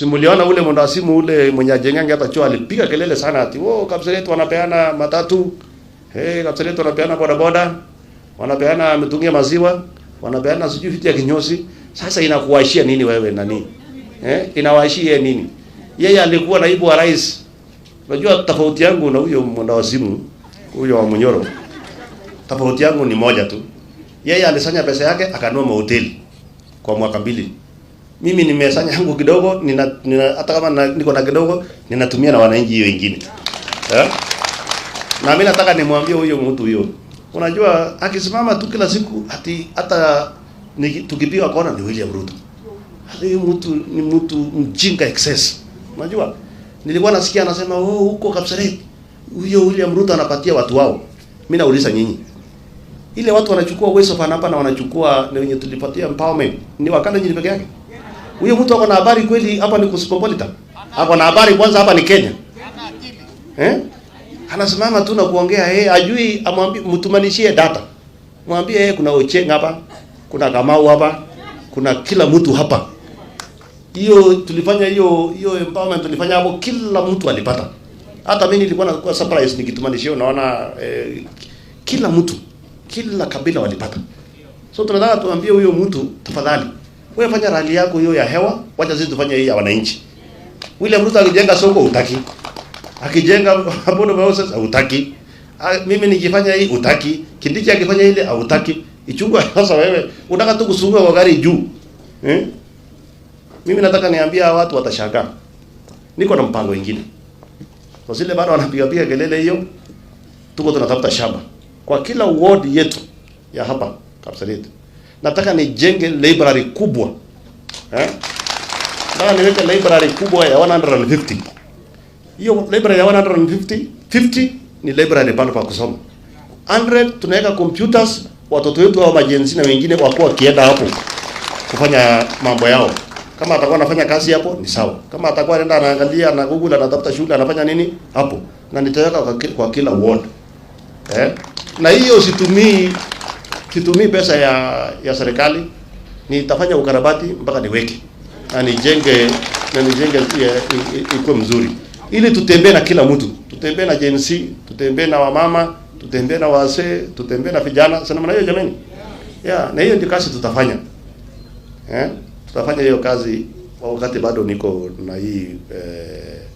Si mliona ule simu ule mwenye ajengenge hata chuo alipiga kelele sana ati wao oh, Kapseret wanapeana matatu. Hey, eh, Kapseret wanapeana bodaboda. Wanapeana mitungi ya maziwa, wanapeana sijui vitu ya kinyozi. Sasa inakuwashia nini wewe nani? Eh, inawashia nini? Yeye alikuwa naibu wa rais. Unajua tofauti yangu na huyo simu huyo wa Munyoro. Tofauti yangu ni moja tu. Yeye alisanya pesa yake akanua mahoteli kwa mwaka mbili mimi nimesanya yangu kidogo, nina, nina hata kama na, niko na kidogo ninatumia na wananchi hiyo wengine yeah. Na mimi nataka nimwambie huyo mtu huyo, unajua akisimama tu kila siku ati hata tukipiga kona ni William Ruto, huyo mtu ni mtu mjinga excess. Unajua nilikuwa nasikia anasema oh, huko Kapseret huyo William Ruto anapatia watu wao. Mimi nauliza nyinyi, ile watu wanachukua uwezo hapa na wanachukua na wenye tulipatia empowerment ni wakala nyinyi peke yake? Huyo mtu ako na habari kweli? Hapa ni Cosmopolitan, ako na habari kwanza. Hapa ni Kenya eh? Anasimama tu na kuongea yeye, eh, ajui amwambie, mtumanishie data, mwambie yeye, eh, kuna Ocheng hapa, kuna Kamau hapa, kuna kila mtu hapa. Hiyo tulifanya hiyo hiyo empowerment tulifanya hapo, kila mtu alipata. Hata mimi nilikuwa na surprise nikitumanishia, unaona eh, kila mtu, kila kabila walipata. So tunataka tuambie huyo mtu tafadhali wewe fanya rali yako hiyo ya hewa, wacha sisi tufanye hii ya wananchi. William Ruto akijenga soko utaki. Akijenga hapo ndo mauzo sasa utaki. A, Mimi nikifanya hii utaki. Kindiki akifanya ile hautaki. Ichungwa sasa wewe unataka tu kusungua kwa gari juu. Eh? Mimi nataka niambia watu watashangaa. Niko na mpango mwingine. Kwa zile bado wanapiga piga kelele hiyo, tuko tunatafuta shamba kwa kila ward yetu ya hapa Kapseret nataka nijenge library kubwa eh? Nataka niweke library kubwa ya 150. Hiyo library ya 150, 50 ni library pale pa kusoma. 100 tunaweka computers watoto wetu hao majenzi na wengine wakuwa wakienda hapo kufanya mambo yao. Kama atakuwa anafanya kazi hapo ni sawa. Kama atakuwa anaenda anaangalia na Google anatafuta shule anafanya nini hapo, na nitaweka kwa kila ward eh, na hiyo situmii situmii pesa ya ya serikali, nitafanya ukarabati mpaka niweke na nijenge na nijenge eh, ikuwe mzuri, ili tutembee na kila mtu, tutembee na Gen Z, tutembee na wamama, tutembee na wazee, tutembee na vijana. Sasa maana hiyo jamani, yeah, na hiyo ndio kazi tutafanya eh, tutafanya hiyo kazi wakati bado niko na hii eh,